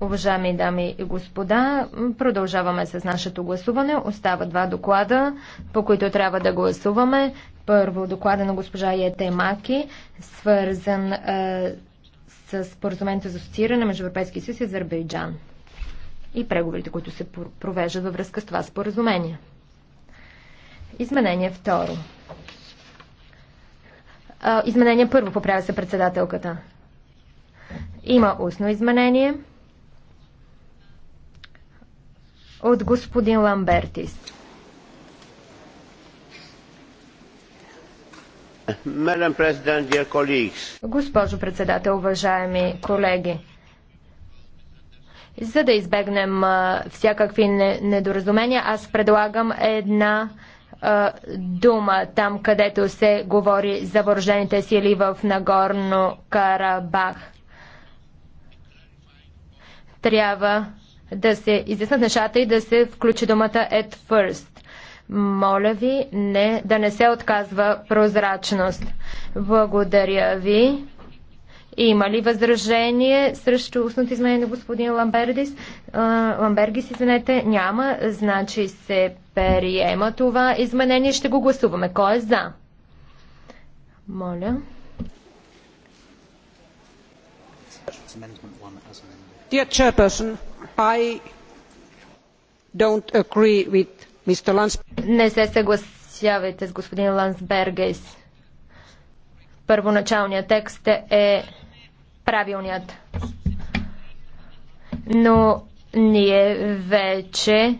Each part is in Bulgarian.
Уважаеми дами и господа, продължаваме с нашето гласуване. Остава два доклада, по които трябва да гласуваме. Първо доклада на госпожа Ете Маки, свързан е, с споразумението за асоцииране между Европейския съюз и Азербайджан и преговорите, които се провеждат във връзка с това споразумение. Изменение второ изменение първо поправя се председателката. Има устно изменение от господин Ламбертис. Госпожо председател, уважаеми колеги, за да избегнем всякакви недоразумения, аз предлагам една дума там, където се говори за въоръжените сили в Нагорно Карабах. Трябва да се изяснат нещата и да се включи думата at first. Моля ви, не, да не се отказва прозрачност. Благодаря ви. Има ли възражение срещу устното изменение на господин Ламбергис? Ламбергис, извинете, няма. Значи се приема това изменение. Ще го гласуваме. Кой е за? Моля. Dear Chairperson, I don't agree with Mr. Не се съгласявайте с господин Лансбергес. Първоначалният текст е правилният. Но ние вече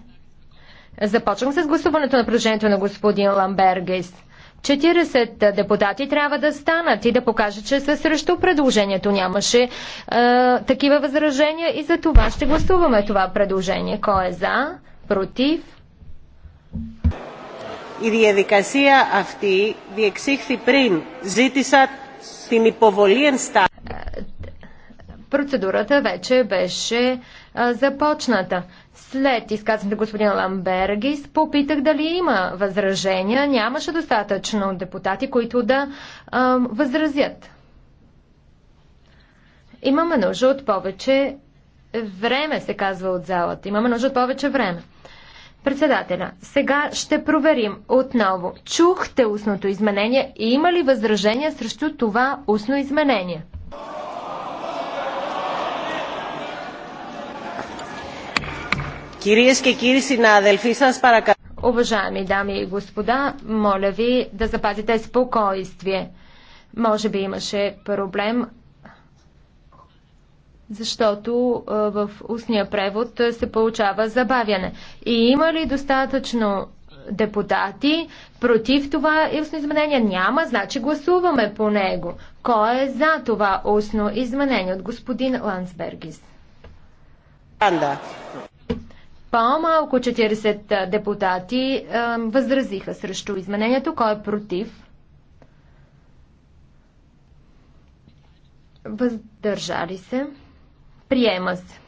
започвам с гласуването на предложението на господин Ламбергес. 40 депутати трябва да станат и да покажат, че са срещу предложението. Нямаше е, такива възражения и за това ще гласуваме това предложение. Кой е за? Против? Η διαδικασία αυτή διεξήχθη πριν. Ζήτησα την υποβολή ενστάσεων. Процедурата вече беше а, започната. След изказването господин Ламбергис попитах дали има възражения. Нямаше достатъчно депутати, които да а, възразят. Имаме нужда от повече време, се казва от залата. Имаме нужда от повече време. Председателя, сега ще проверим отново. Чухте устното изменение. и Има ли възражение срещу това устно изменение? Уважаеми дами и господа, моля ви да запазите спокойствие. Може би имаше проблем, защото в устния превод се получава забавяне. И има ли достатъчно депутати против това устно изменение? Няма, значи гласуваме по него. Кой е за това устно изменение от господин Лансбергис? Анда. По-малко 40 депутати е, възразиха срещу изменението. Кой е против? Въздържали се. Приема се.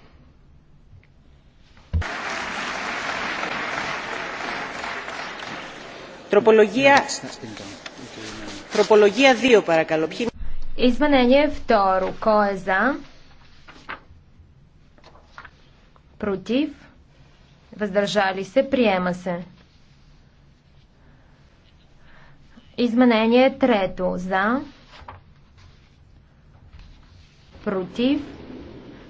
Тропология... Тропология 2, паракало. Изменение второ. Кой е за? Против? въздържали се, приема се. Изменение трето за, против,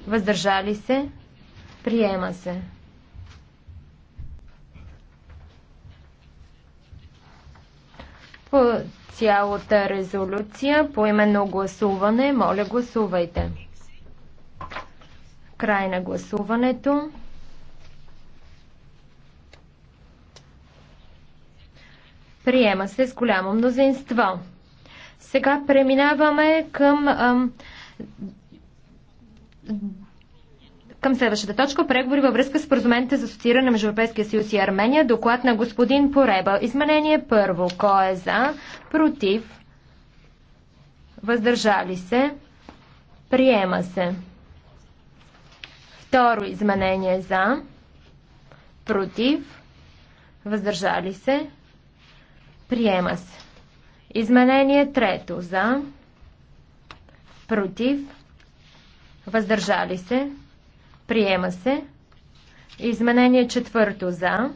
въздържали се, приема се. По цялата резолюция, по именно гласуване, моля гласувайте. Край на гласуването. Приема се с голямо мнозинство. Сега преминаваме към, ам, към следващата точка. Преговори във връзка с поразумените за асоцииране между Европейския съюз и Армения. Доклад на господин Пореба. Изменение първо. Кой е за? Против? Въздържали се? Приема се. Второ изменение за. Против? Въздържали се? Приема се. Изменение трето за, против, въздържали се, приема се. Изменение четвърто за,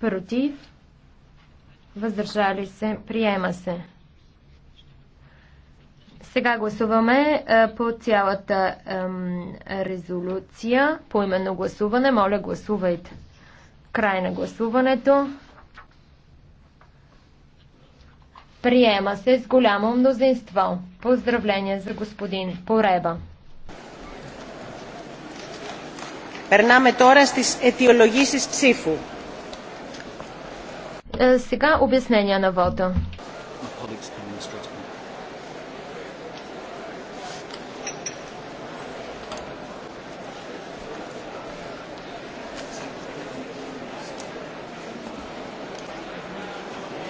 против, въздържали се, приема се. Сега гласуваме е, по цялата резолюция, по именно гласуване. Моля, гласувайте. Край на гласуването. Приема се с голямо мнозинство. Поздравление за господин Пореба. Περνάμε τώρα στις αιτιολογήσεις ψήφου. Е, сега обяснение на вода.